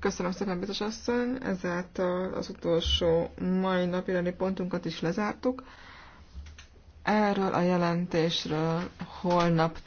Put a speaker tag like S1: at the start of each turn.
S1: Köszönöm szépen, biztos asszony. Ezáltal az utolsó mai napi pontunkat is lezártuk. Erről a jelentésről holnap